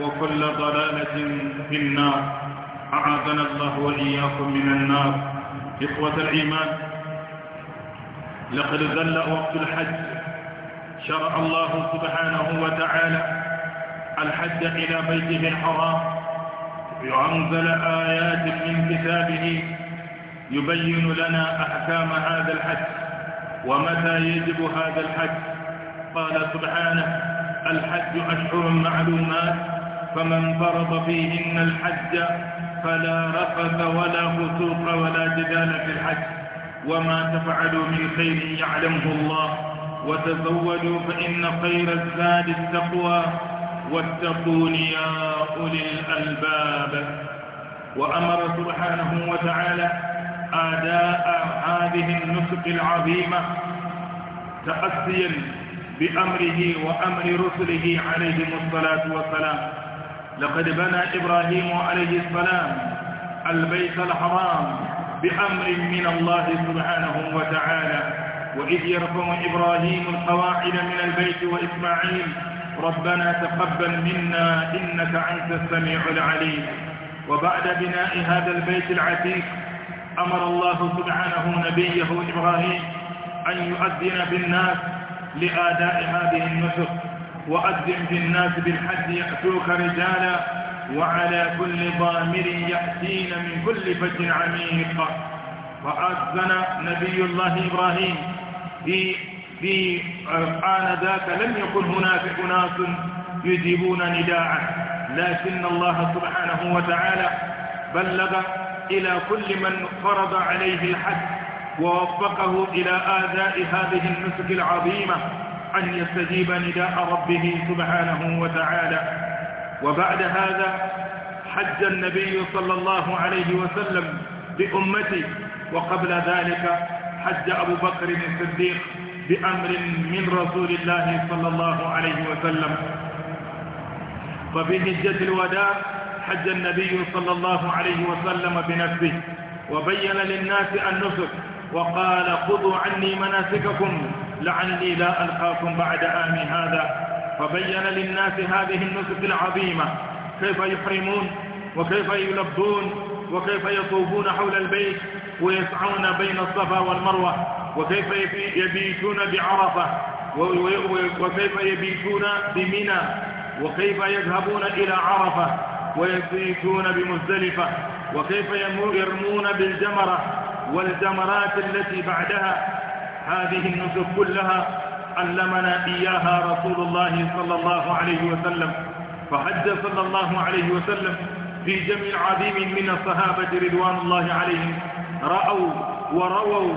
وكل ضلالة في النار أعاذنا الله وإياكم من النار إخوة الإيمان لقد ذل وقت الحج شرع الله سبحانه وتعالى الحج إلى بيته الحرام وأنزل آيات من كتابه يبين لنا أحكام هذا الحج ومتى يجب هذا الحج قال سبحانه الحج أشهر معلومات فمن فرض فيهن الحج فلا رفث ولا فسوق ولا جدال في الحج وما تفعلوا من خير يعلمه الله وتزودوا فإن خير الزاد التقوى واتقون يا أولي الألباب وأمر سبحانه وتعالى آداء هذه النسك العظيمة تأسيا بأمره وأمر رسله عليهم الصلاة والسلام لقد بنى إبراهيم عليه السلام البيت الحرام بأمر من الله سبحانه وتعالى وإذ يرفع إبراهيم القواعد من البيت وإسماعيل ربنا تقبل منا إنك أنت السميع العليم وبعد بناء هذا البيت العتيق أمر الله سبحانه نبيه إبراهيم أن يؤذن بالناس لآداء هذه النسخ وأذن في الناس بالحج يأتوك رجالا وعلى كل ضامر يأتين من كل فج عميق وأذن نبي الله إبراهيم في في آن ذاك لم يكن هناك أناس يجيبون نداعه لكن الله سبحانه وتعالى بلغ إلى كل من فرض عليه الحج ووفقه إلى آداء هذه النسك العظيمة أن يستجيب نداء ربه سبحانه وتعالى وبعد هذا حج النبي صلى الله عليه وسلم بأمته وقبل ذلك حج أبو بكر الصديق بأمر من رسول الله صلى الله عليه وسلم ففي حجة الوداع حج النبي صلى الله عليه وسلم بنفسه وبين للناس النسك وقال خذوا عني مناسككم لعلي لا ألقاكم بعد عامي هذا فبين للناس هذه النسك العظيمة كيف يحرمون وكيف يلبون وكيف يطوفون حول البيت ويسعون بين الصفا والمروة وكيف يبيتون بعرفة وكيف يبيتون بمنى وكيف يذهبون إلى عرفة ويبيتون بمزدلفة وكيف يرمون بالجمرة والجمرات التي بعدها هذه النسك كلها علمنا إياها رسول الله صلى الله عليه وسلم فحج صلى الله عليه وسلم في جمع عظيم من الصحابة رضوان الله عليهم رأوا ورووا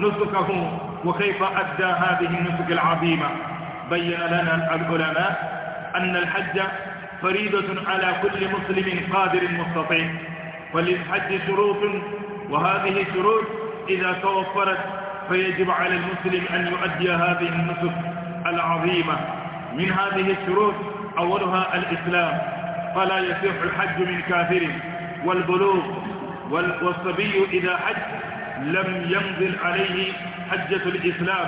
نسكه وكيف أدى هذه النسك العظيمة بين لنا العلماء أن الحج فريضة على كل مسلم قادر مستطيع وللحج شروط وهذه الشروط إذا توفرت فيجب على المسلم أن يؤدي هذه النسك العظيمة من هذه الشروط أولها الإسلام فلا يصح الحج من كافر والبلوغ والصبي إذا حج لم ينزل عليه حجة الإسلام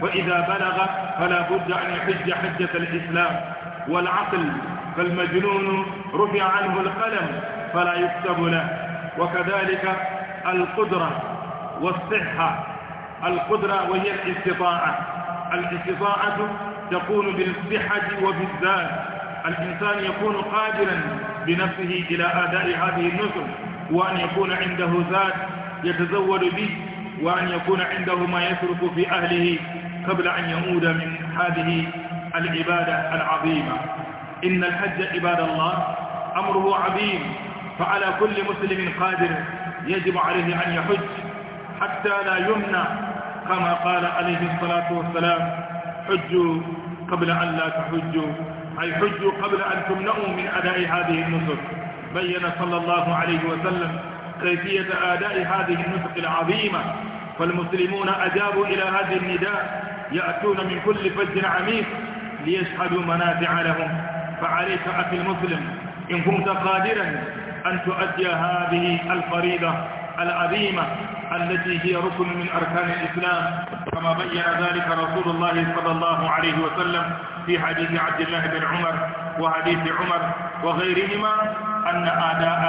وإذا بلغ فلا بد أن يحج حجة الإسلام والعقل فالمجنون رفع عنه القلم فلا يكتب له وكذلك القدرة والصحة القدرة وهي الاستطاعة الاستطاعة تكون بالصحة وبالذات الإنسان يكون قادرا بنفسه إلى أداء هذه النصر وأن يكون عنده ذات يتزود به وأن يكون عنده ما يترك في أهله قبل أن يمود من هذه العبادة العظيمة إن الحج عباد الله أمره عظيم فعلى كل مسلم قادر يجب عليه أن يحج حتى لا يمنع كما قال عليه الصلاة والسلام حجوا قبل أن لا تحجوا أي حجوا قبل أن تمنعوا من أداء هذه النسك بين صلى الله عليه وسلم كيفية أداء هذه النسك العظيمة فالمسلمون أجابوا إلى هذا النداء يأتون من كل فج عميق ليشهدوا منافع لهم فعليك أخي المسلم إن كنت قادرا أن تؤدي هذه الفريضة العظيمة التي هي ركن من أركان الإسلام كما بين ذلك رسول الله صلى الله عليه وسلم في حديث عبد الله بن عمر وحديث عمر وغيرهما أن آداء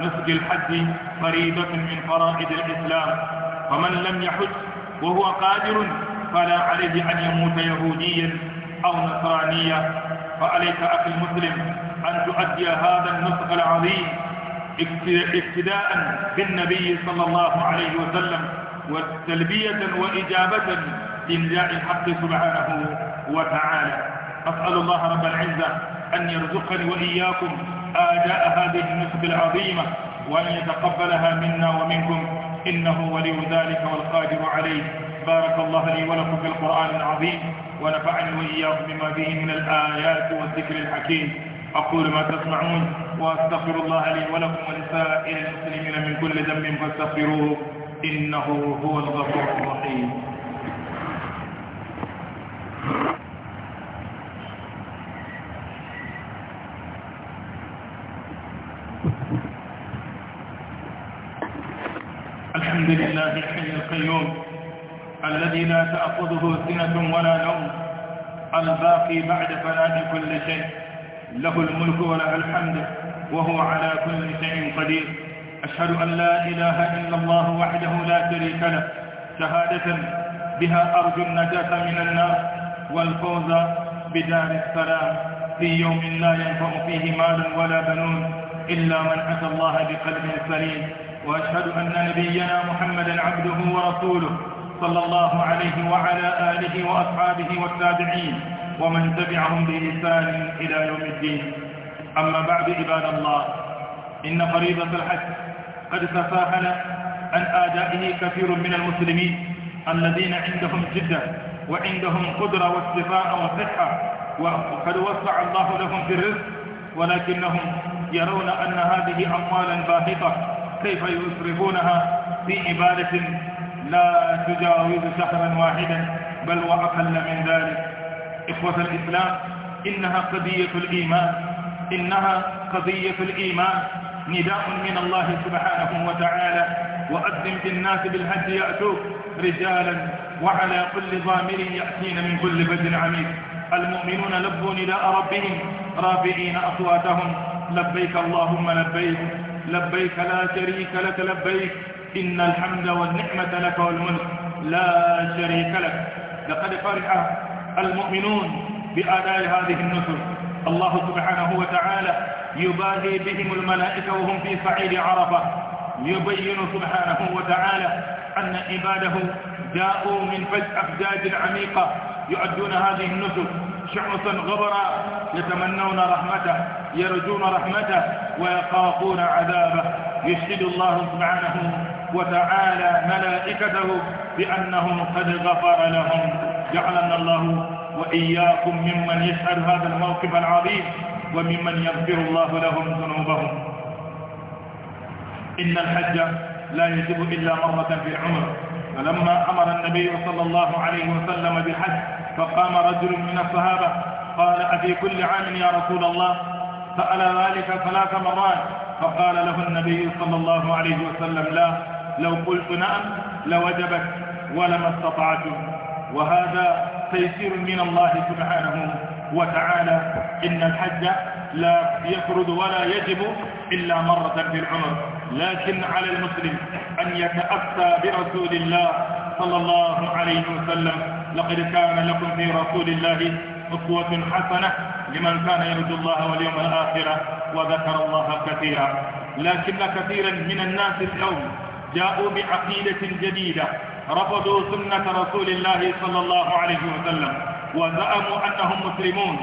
نسج الحج فريضة من فرائض الإسلام فمن لم يحج وهو قادر فلا عليه أن يموت يهوديا أو نصرانيا فعليك أخي المسلم أن تؤدي هذا النسج العظيم اقتداء بالنبي صلى الله عليه وسلم وتلبية وإجابة لنداء الحق سبحانه وتعالى أسأل الله رب العزة أن يرزقني وإياكم آداء هذه النسب العظيمة وأن يتقبلها منا ومنكم إنه ولي ذلك والقادر عليه بارك الله لي ولكم في القرآن العظيم ونفعني وإياكم بما فيه من الآيات والذكر الحكيم أقول ما تسمعون وأستغفر الله لي ولكم ولسائر المسلمين من كل ذنب فاستغفروه إنه هو الغفور الرحيم الحمد لله الحي القيوم الذي لا تأخذه سنة ولا نوم الباقي بعد فناء كل شيء له الملك وله الحمد وهو على كل شيء قدير أشهد أن لا إله إلا الله وحده لا شريك له شهادة بها أرجو النجاة من النار والفوز بدار السلام في يوم لا ينفع فيه مال ولا بنون إلا من أتى الله بقلب سليم وأشهد أن نبينا محمدا عبده ورسوله صلى الله عليه وعلى آله وأصحابه والتابعين ومن تبعهم بإحسان إلى يوم الدين أما بعد عباد الله إن فريضة الحج قد تساهل عن آدائه كثير من المسلمين الذين عندهم جدة وعندهم قدرة واستفاء وصحة وقد وسع الله لهم في الرزق ولكنهم يرون أن هذه أموالا باهظة كيف يصرفونها في عبادة لا تجاوز شهرا واحدا بل وأقل من ذلك إخوة الإسلام إنها قضية الإيمان إنها قضية الإيمان نداء من الله سبحانه وتعالى وأذن في الناس بالهد يأتوك رجالا وعلى كل ضامر يأتين من كل بد عميد المؤمنون لبوا نداء ربهم رافعين أصواتهم لبيك اللهم لبيك لبيك لا شريك لك لبيك إن الحمد والنعمة لك والملك لا شريك لك لقد فرح المؤمنون بأداء هذه النسل الله سبحانه وتعالى يباهي بهم الملائكة وهم في صعيد عرفة يبين سبحانه وتعالى أن عباده جاءوا من فج أفجاج عميقة يؤدون هذه النسل شعثا غبرا يتمنون رحمته يرجون رحمته ويخافون عذابه يشهد الله سبحانه وتعالى ملائكته بأنه قد غفر لهم جعلنا الله وإياكم ممن يشهد هذا الموقف العظيم وممن يغفر الله لهم ذنوبهم إن الحج لا يجب إلا مرة في العمر فلما أمر النبي صلى الله عليه وسلم بالحج فقام رجل من الصحابة قال أفي كل عام يا رسول الله سأل ذلك ثلاث مرات فقال له النبي صلى الله عليه وسلم لا لو قلت نعم لوجبت ولما استطعتم وهذا تيسير من الله سبحانه وتعالى إن الحج لا يفرد ولا يجب إلا مرة في العمر لكن على المسلم أن يتأسى برسول الله صلى الله عليه وسلم لقد كان لكم في رسول الله أسوة حسنة لمن كان يرجو الله واليوم الآخرة وذكر الله كثيرا لكن كثيرا من الناس اليوم جاءوا بعقيدة جديدة رفضوا سنة رسول الله صلى الله عليه وسلم وزعموا أنهم مسلمون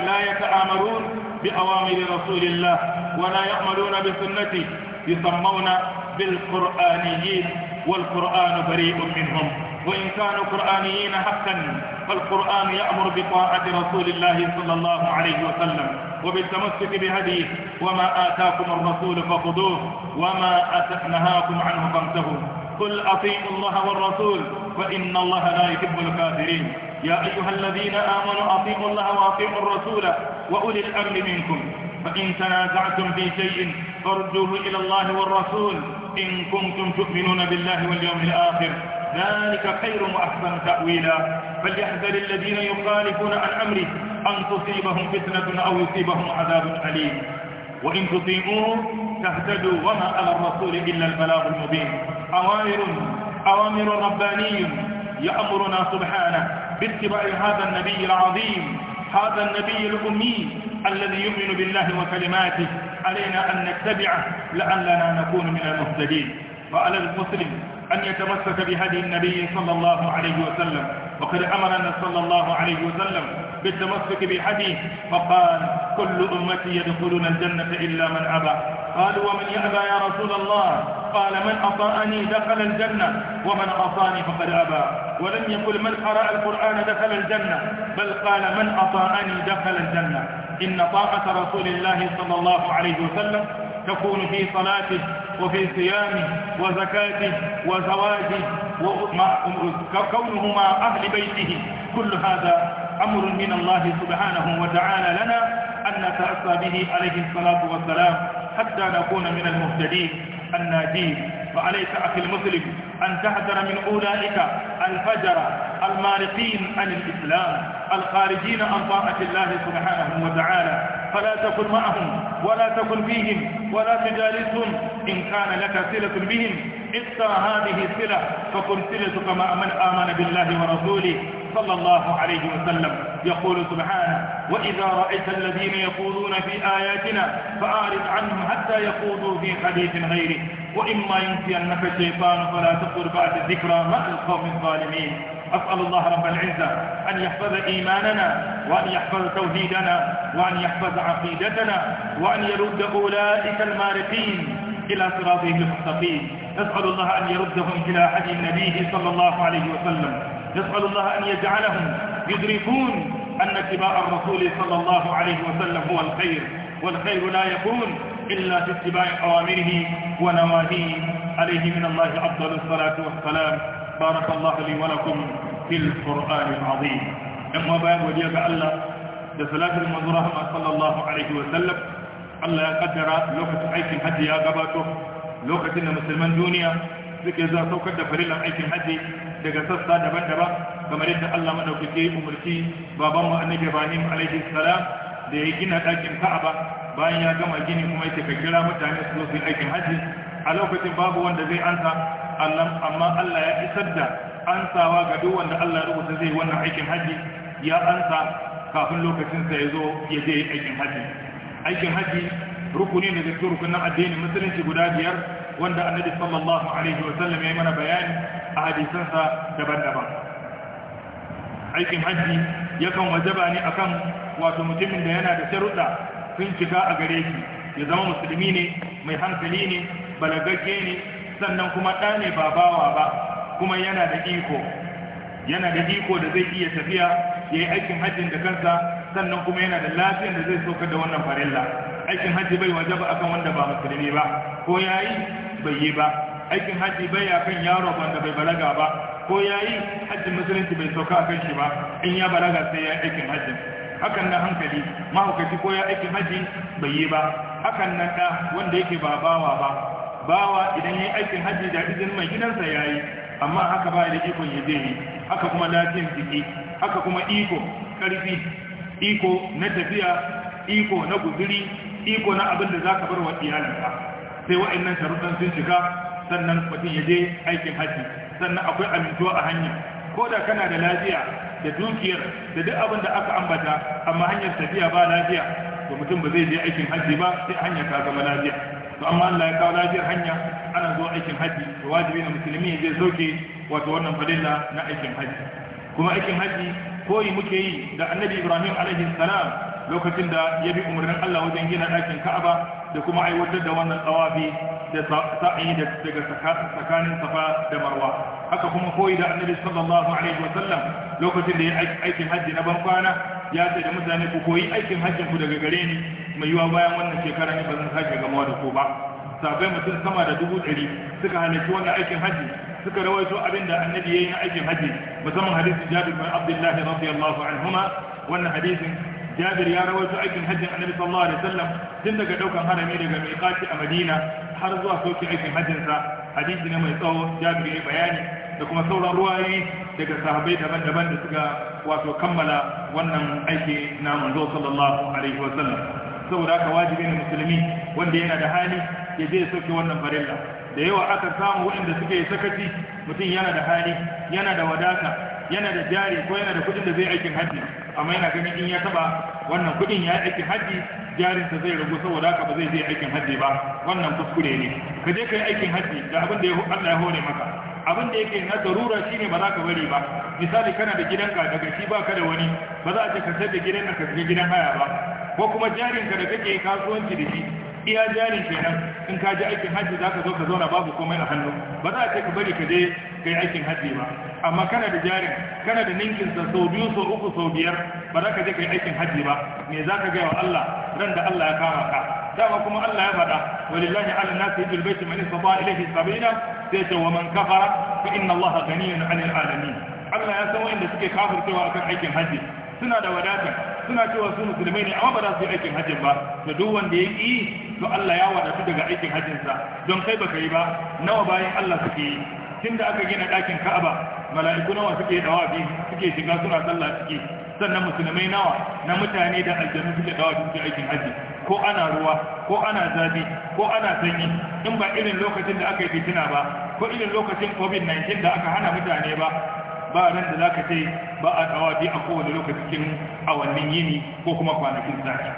لا يتآمرون بأوامر رسول الله ولا يعملون بسنته يسمون بالقرآنيين والقرآن بريء منهم وإن كانوا قرآنيين حقا فالقرآن يأمر بطاعة رسول الله صلى الله عليه وسلم وبالتمسك بهديه وما آتاكم الرسول فخذوه وما نهاكم عنه فانتهوا قل أطيعوا الله والرسول فإن الله لا يحب الكافرين يا أيها الذين آمنوا أطيعوا الله وأطيعوا الرسول وأولي الأمر منكم فإن تنازعتم في شيء فارجوه إلى الله والرسول إن كنتم تؤمنون بالله واليوم الآخر ذلك خير وأحسن تأويلا فليحذر الذين يخالفون عن أمره أن تصيبهم فتنة أو يصيبهم عذاب أليم وإن تطيعوه تهتدوا وما على الرسول إلا البلاغ المبين أوامر أوامر رباني يأمرنا سبحانه باتباع هذا النبي العظيم هذا النبي الأمي الذي يؤمن بالله وكلماته علينا أن نتبعه لعلنا نكون من المهتدين وعلى المسلم أن يتمسك بهدي النبي صلى الله عليه وسلم وقد أمرنا صلى الله عليه وسلم بالتمسك بالحديث فقال كل أمتي يدخلون الجنة إلا من أبى قالوا ومن يأبى يا رسول الله قال من أطاءني دخل الجنة ومن عصاني فقد أبى ولم يقل من قرأ القرآن دخل الجنة بل قال من أطاءني دخل الجنة إن طاعة رسول الله صلى الله عليه وسلم تكون في صلاته وفي صيامه وزكاته وزواجه وكونه مع أهل بيته كل هذا أمر من الله سبحانه وتعالى لنا أن نتأسى به عليه الصلاة والسلام حتى نكون من المهتدين الناجين فعليك أخي المسلم أن تحذر من أولئك الفجر المارقين عن الإسلام الخارجين عن طاعة الله سبحانه وتعالى فلا تكن معهم ولا تكن فيهم ولا تجالسهم إن كان لك صلة بهم حتى هذه الصلة فكن صلتك كما من آمن بالله ورسوله صلى الله عليه وسلم يقول سبحانه وإذا رأيت الذين يقولون في آياتنا فأعرض عنهم حتى يقولوا في حديث غيره وإما ينسينك الشيطان فلا تقل بعد الذكرى مع القوم الظالمين أسأل الله رب العزة أن يحفظ إيماننا وأن يحفظ توحيدنا وأن يحفظ عقيدتنا وأن يرد أولئك المارقين إلى صراطه المستقيم نسأل الله أن يردهم إلى حد نبيه صلى الله عليه وسلم نسأل الله أن يجعلهم يدركون أن اتباع الرسول صلى الله عليه وسلم هو الخير والخير لا يكون إلا في اتباع أوامره ونواهيه عليه من الله أفضل الصلاة والسلام بارك الله لي ولكم في القرآن العظيم أما بعد وليك ألا لصلاة المنظرة صلى الله عليه وسلم الله يقدر لوكة تعيش الحج يا قباته lokacin da musulman duniya suke zuwa saukar da farilan aikin hajji daga sassa daban-daban kamar yadda Allah madaukake umarci baban mu annabi Ibrahim alaihi salam da ya gina ɗakin Ka'aba bayan ya gama gini kuma yake ka kira mutane su zo su yi aikin hajji a lokacin babu wanda zai ansa amma Allah ya isar da ansawa ga duk wanda Allah ya rubuta zai wannan aikin hajji ya ansa kafin lokacin sa ya zo ya je aikin hajji aikin hajji rukuni ne da rukunin addinin musulunci guda biyar wanda annabi sallallahu alaihi wa sallam ya mana bayani a hadisansa daban-daban aikin hajji yakan wajaba ne akan wato mutumin da yana da sharuɗa sun cika a gare shi ya zama musulmi ne mai hankali ne balagagge ne sannan kuma ɗa ne ba bawa ba kuma yana da iko yana da iko da zai iya tafiya ya yi aikin hajjin da kansa sannan kuma yana da lafiyar da zai saukar da wannan farilla aikin hajji bai wajaba akan wanda ba musulmi ba ko yayi bai yi ba aikin hajji bai kan yaro wanda bai balaga ba ko yayi hajji musulunci bai sauka akan shi ba in ya balaga sai ya aikin hajji hakan na hankali mahaukaci ko ya aikin hajji bai yi ba hakan na ɗa wanda yake ba bawa ba bawa idan ya yi aikin hajji da izin mai gidansa ya yi amma haka ba da ikon ya zai yi haka kuma lafiyar jiki haka kuma iko ƙarfi iko na tafiya iko na guzuri iko na abin da za ka bar wa iyalinka sai wa'annan sharuɗan sun shiga sannan mutum ya je aikin haji sannan akwai amintuwa a hanya ko da kana da lafiya da dukiyar da duk abin da aka ambata amma hanyar tafiya ba lafiya to mutum ba zai je aikin haji ba sai hanya ta zama lafiya to amma Allah ya kawo lafiyar hanya ana zuwa aikin haji to wajibi ne musulmi ya je sauke wato wannan fadilla na aikin haji kuma aikin haji koyi muke yi da annabi Ibrahim alaihi salam lokacin da ya bi umarnin Allah wajen gina ɗakin Ka'aba da kuma aiwatar da wannan tsawafi da sa'ayi daga tsakanin Safa da Marwa haka kuma koyi da Annabi sallallahu alaihi wasallam lokacin da ya aikin hajji na ban kwana ya ce da mutane ku koyi aikin hajji ku daga gare ni mai yiwa bayan wannan shekara ne ba zan sake gamawa da ku ba sabai mutum sama da dubu ɗari suka halarci wannan aikin hajji suka rawaito abin da annabi ya yi na aikin hajji musamman hadisin jabir bin abdullahi radiyallahu anhuma wannan hadisin jabir ya rawaito aikin hajjin annabi sallallahu alaihi wasallam tun daga daukan harami daga miqati a madina har zuwa sauke aikin hajjin sa hadisi ne mai tsawo jabir ya bayani da kuma sauran ruwayi daga sahabbai daban-daban da suka wato kammala wannan aiki na manzo sallallahu alaihi wasallam saboda haka wajibi ne musulmi wanda yana da hali ya je sauke wannan farilla da yawa aka samu waɗanda suke sakaci mutum yana da hali yana da wadata yana da jari ko yana da kudin da zai aikin haji amma yana ganin in ya taba wannan kudin ya aikin haji jarinsa zai ragu saboda haka ba zai je aikin haji ba wannan kuskure ne ka je ka yi aikin haji da abin da Allah ya hore maka abin da yake na darura shine ba za ka bari ba misali kana da gidanka daga shi ba ka da wani ba za a ce ka sai da gidan ka shiga gidan haya ba ko kuma jarinka da kake kasuwanci da shi iya jarin kenan in ka je aikin hajji za ka zo ka zauna babu komai a hannu ba za a ce ka bari ka je ka yi aikin hajji ba amma kana da jarin kana da ninkin sa sau biyu sau uku sau biyar ba za ka je ka yi aikin hajji ba me za ka gaya wa Allah ran da Allah ya kama ka dama kuma Allah ya faɗa walillahi ala nasi hijjul baiti man istata ilayhi sabila sai ce wa man kafara fa inna Allah ghaniyyun 'anil alamin Allah ya san wanda suke kafircewa akan aikin hajji suna da wadata suna cewa su musulmai ne amma ba za su yi aikin hajjin ba to duk wanda ya yi to Allah ya wadatu daga aikin sa don kai baka yi ba nawa bayan Allah suke yi tun aka gina dakin Ka'aba mala'iku nawa suke bi suke shiga suna sallah suke sannan musulmai nawa na mutane da aljanu suke dawa suke aikin hajji ko ana ruwa ko ana zafi ko ana sanyi in ba irin lokacin da aka yi fitina ba ko irin lokacin covid-19 da aka hana mutane ba ba nan da zaka ce ba a tawafi a kowane lokaci cikin awannin yini ko kuma kwanakin sati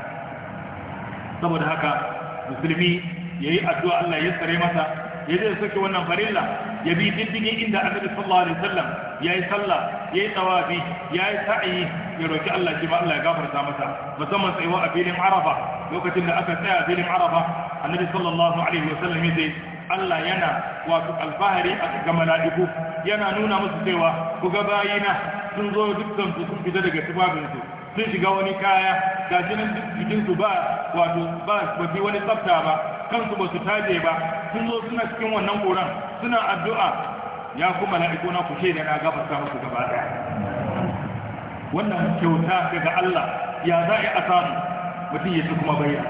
saboda haka musulmi yayi addu'a Allah ya tsare masa ya zai saki wannan farilla ya bi diddigin inda annabi sallallahu sallam ya yayi sallah yayi tawafi yayi sa'i ya roki Allah shi ba Allah ya gafarta masa musamman tsayuwa a filin Arafa lokacin da aka tsaya a filin Arafa annabi sallallahu alaihi wasallam ya ce Allah yana wato alfahari a ga mala'iku yana nuna musu cewa ku ga bayina sun zo dukkan su sun fita daga tufafinsu sun shiga wani kaya ga jinin jikin su ba wato ba ba wani tsafta ba kansu ba su taje ba sun zo suna cikin wannan koran suna addu'a ya ku mala'iku na ku shaida na gafarta musu gaba daya wannan kyauta daga Allah ya za a samu mutum ya ci kuma bayyana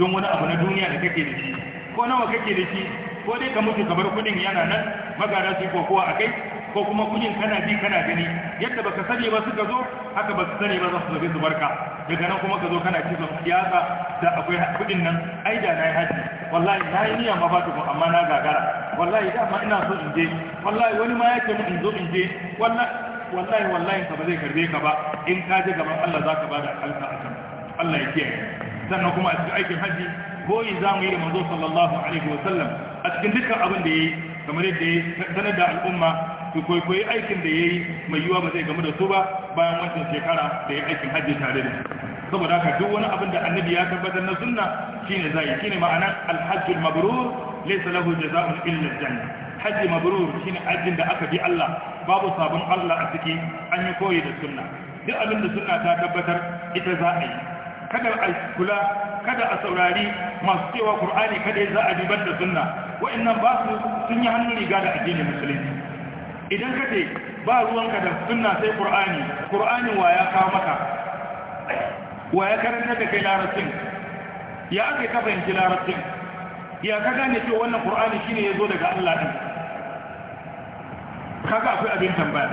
don wani abu na duniya da kake da shi ko nawa kake da shi ko dai ka mutu kamar kudin yana nan magana su ko a kai ko kuma kudin kana bi kana gani yadda baka sani ba suka zo haka ba su sani ba za su zabe su barka daga nan kuma ka zo kana cikin siyasa da akwai kudin nan ai da na yi haji wallahi na yi niyya ma ba amma na gagara wallahi da ma ina so in je wallahi wani ma ya ce in zo in je wallahi wallahi wallahi ka ba zai karbe ka ba in ka je gaban Allah zaka bada alka akan Allah ya kiyaye sannan kuma a cikin aikin haji koyi za mu yi da manzo sallallahu alaihi wa sallam a cikin dukkan abin da yayi kamar yadda ya sanar da al'umma su koyi aikin da yayi mai yiwa ba zai gamu da su ba bayan wancan shekara da ya aikin hajji tare da saboda haka duk wani abin da annabi ya tabbatar na sunna shine zai shine ma'ana al mabrur laysa lahu jazaa'un illa al-jannah hajji mabrur shine ajin da aka bi Allah babu sabon Allah a ciki an yi koyi da sunna duk abin da sunna ta tabbatar ita za a yi kada a kula kada a saurari masu cewa qur'ani kada ya za a dubar da sunna wa'annan ba su sun yi hannun riga da addinin musulunci idan ka ce ba ruwanka da sunna sai qur'ani qur'ani wa ya kawo maka wa ya karanta da kai larabcin ya aka ka fahimci larabcin ya ka gane cewa wannan shi ne ya zo daga Allah din kaga akwai abin tambaya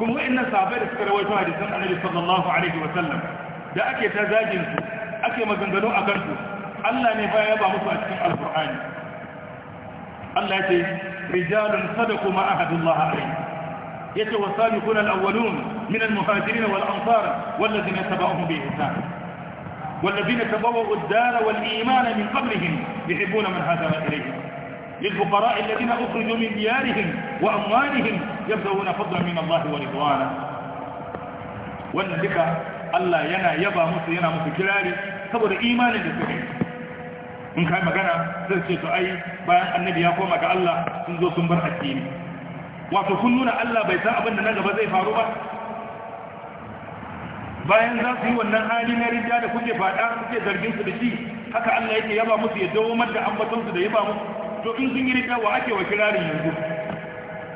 kuma wa'annan sahabbai da suka rawaito hadisan annabi sallallahu alaihi wa sallam da ake ta zagin su ake maganganu a kansu Allah ne baya ba musu a cikin alkur'ani Allah ce rijalun sadaku ma ahadullah alayhi yace kuna alawwalun min almuhajirin wal ansar walladhina tabi'uhum bi ihsan والذين تبوأوا الدار والإيمان من قبلهم يحبون من هاجر إليهم للفقراء الذين أخرجوا من ديارهم وأموالهم يبدأون فضلا من الله ورضوانا wannan الله ينا يبا yaba ينا yana كلاري saboda imanin da suke in kai magana zai ce to ai bayan annabi ya koma ga Allah sun zo sun bar addini wato kun nuna Allah bai san abin da na gaba zai faru ba bayan za su yi wannan hali na rinja da kuke fada kuke zargin su da shi haka Allah yake yaba musu ya dawo da ambaton su da yaba musu to in sun yi rinja wa ake wa kirarin yanzu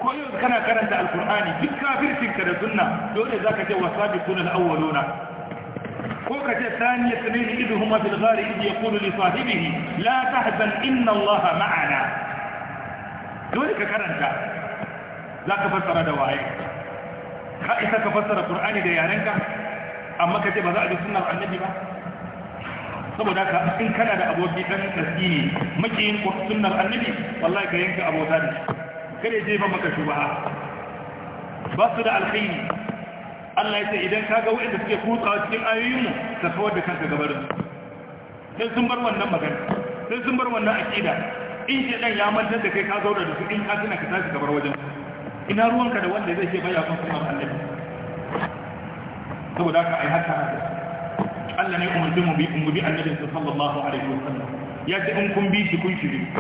ko yau kana karanta alkur'ani duk kafircin ka da sunna dole zaka ce wasabi sunan awwaluna ko ka ce tani ya tsane ni idu huma fil gari idu ya kulu li inna Allah ma'ana dole ka karanta za ka fassara da waye ka isa ka fassara Kur'ani da yarenka amma ka ce ba za a ji sunnar annabi ba saboda ka in kana da aboki dan tasiri maki yin sunnar annabi wallahi ka yanka abota da kare je ba maka shubaha ba su da alkhairi Allah ya ce idan ka ga waɗanda suke kutsawa cikin ayoyinmu ka kawar da kanka gabarin sai sun bar wannan magana sai sun bar wannan aƙida in shi ɗan ya mantar da kai ka zaura da su in ka tuna ka tashi gabar wajen ina ruwanka da wanda zai ce baya kun sunan annabi saboda ka ai haka haka Allah ne umarci mu bi mu bi annabi sallallahu alaihi wasallam ya ce in kun bi shi kun shi shiri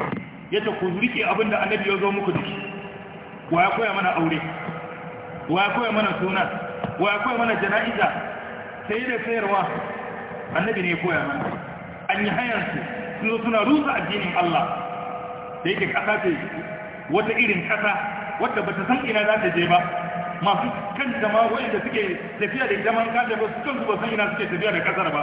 ya ce ku rike abinda annabi ya zo muku da shi wa ya koya mana aure wa ya koya mana suna wa akwai mana jana'iza sai da sayarwa annabi ne koya mana an yi hayansu sun suna rusa addinin Allah da yake ƙasa ce wata irin ƙasa wadda ba ta san ina za ta je ba masu kan jama wanda suke tafiya da jaman kada ba su kansu ba san ina suke tafiya da ƙasar ba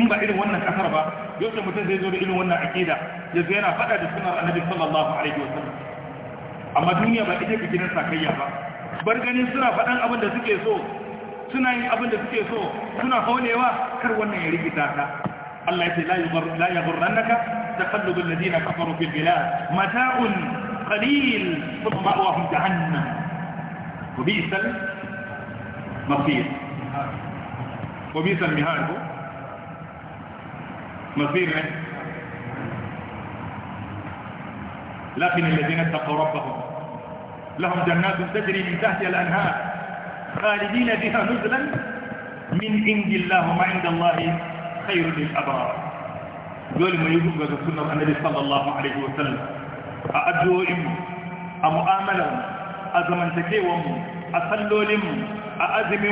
in ba irin wannan ƙasar ba yau mutum zai zo da irin wannan aƙida ya zo yana faɗa da sunar annabi sallallahu alaihi wasallam amma duniya ba ita bikinan sakayya ba bar ganin suna faɗan abin da suke so suna yin abin da suke so suna haulewa kar wannan ya rigita ka Allah ya ce la la gurrannaka takallubul ladina kafaru fil bilad mata'un qalil thumma ma'wahum jahannam wa bi'sal masir wa bi'sal mihad masir ne lakin alladhina taqaw لهم جنات تجري من تحت الأنهار خالدين بها نزلا من عند الله وما عند الله خير للأبرار يقول ما يقول قد سنة النبي صلى الله عليه وسلم أدعو إم أمؤامل أزمن تكيوم أصلوا لم أأزم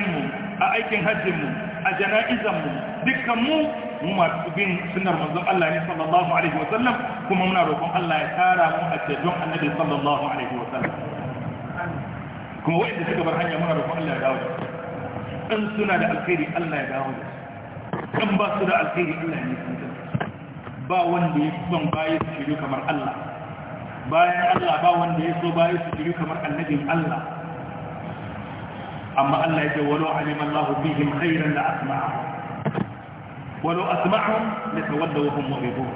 أأيكن هجم أجنائز إم مو muma bin سنة manzon الله صلى الله عليه وسلم كما منا roƙon الله ya tara النبي صلى الله عليه وسلم kuma wa'anda suka bar hanya muna roƙon Allah ya dawo da su in suna da alkhairi Allah ya dawo da su in ba su da alkhairi Allah ya nisanta ba wanda ya son baya su shiru kamar Allah bayan Allah ba wanda ya so baya su shiru kamar annabin Allah amma Allah ya ce walau alima Allah bihim khairan la asma'ahum walau asma'ahum la tawaddaw hum mu'ridun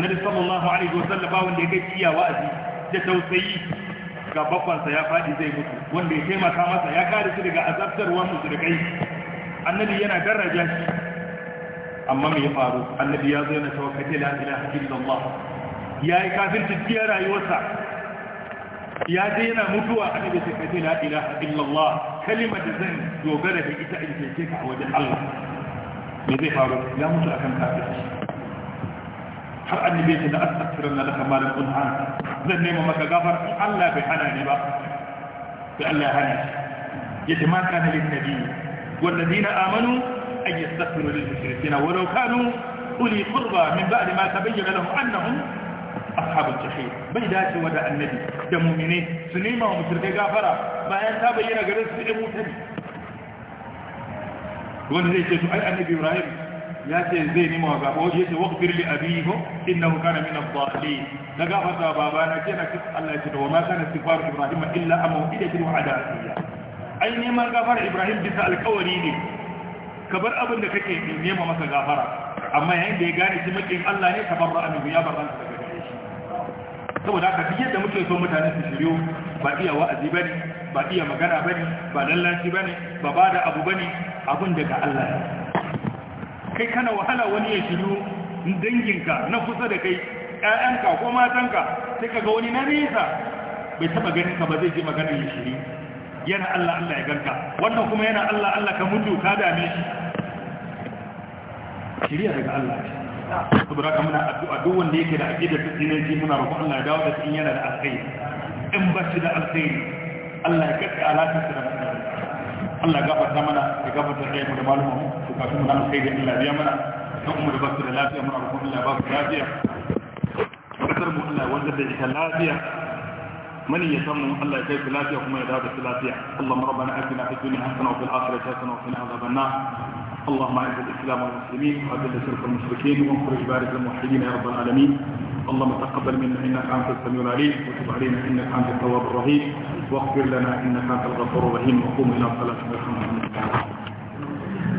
annabi sallallahu alaihi wasallam ba wanda ya kai kiyawa aji da tausayi shiga babbansa ya faɗi zai mutu wanda ya taimaka masa ya kare shi daga azabtarwar musulkai annabi yana daraja shi amma me ya faru annabi ya zo yana cewa kace la ilaha illallah ya yi kafirci cikin rayuwarsa ya je yana mutuwa annabi sai kace la ilaha illallah kalimar da zan dogara da ita in cece ka a wajen Allah me zai faru ya mutu akan kafirci har annabi ya ce la astaghfirullah laka ma lam unha zan nema maka gafar in Allah bai hana ni ba sai Allah ya hana shi yace ma kana lin nabi wal ladina amanu ay yastaghfiru lil mushrikeena walau kanu uli qurba min ba'di ma tabayyana lahum annahum ashabul jahim bai dace wa da annabi da mu'mine su nema wa mushrike gafara bayan ta bayyana garin su da mutane wanda zai ce to ai annabi Ibrahim ya ce zai nima wa gaba wajen ce waƙfir li abiho inna hu kana min al-dhali na gafarta baba na ce na Allah ya ce wa ma kana istighfar ibrahim illa amma ida bil wa'ada asiya ai neman gafara ibrahim bisa alƙawari ne ka bar abin da kake nema masa gafara amma yayin da ya gane shi makin Allah ne ka barra annabi ya barra ka daga gare shi saboda haka duk yadda muke so mutane su shiryu ba iya wa'azi bane ba iya magana bane ba lallaci bane ba bada abu bane abun daga Allah ne kai kana wahala wani ya shiru danginka na kusa da kai ƴaƴanka ko matanka sai kaga wani na nesa bai taba ganin ka ba zai ji magana ya shiru yana Allah Allah ya ganka wannan kuma yana Allah Allah ka mutu ka dame shi shiriya daga Allah saboda haka muna addu'a duk wanda yake da aqida ta dinin shi muna roƙon Allah ya dawo da shi yana da alkhairi in ba shi da alkhairi Allah ya kaddara alaƙarsa da mutane Allah ya gafarta mana ya gafarta da mu da malumanmu kafin mu na alkhairi Allah biya mana dan mu da basu da lafiya muna roƙon Allah ba su من يسمى الله يكيف لا يقوم يدابة لا اللهم ربنا أتنا في الدنيا حسنة وفي الآخرة حسنة وقنا عذاب النار اللهم اعز الإسلام والمسلمين وأذل شرك المشركين وانصر بارك الموحدين يا رب العالمين اللهم تقبل منا إنك أنت السميع العليم وتب علينا إنك أنت التواب الرحيم واغفر لنا إنك أنت الغفور الرحيم وقوم إلى صلاه الحمد لله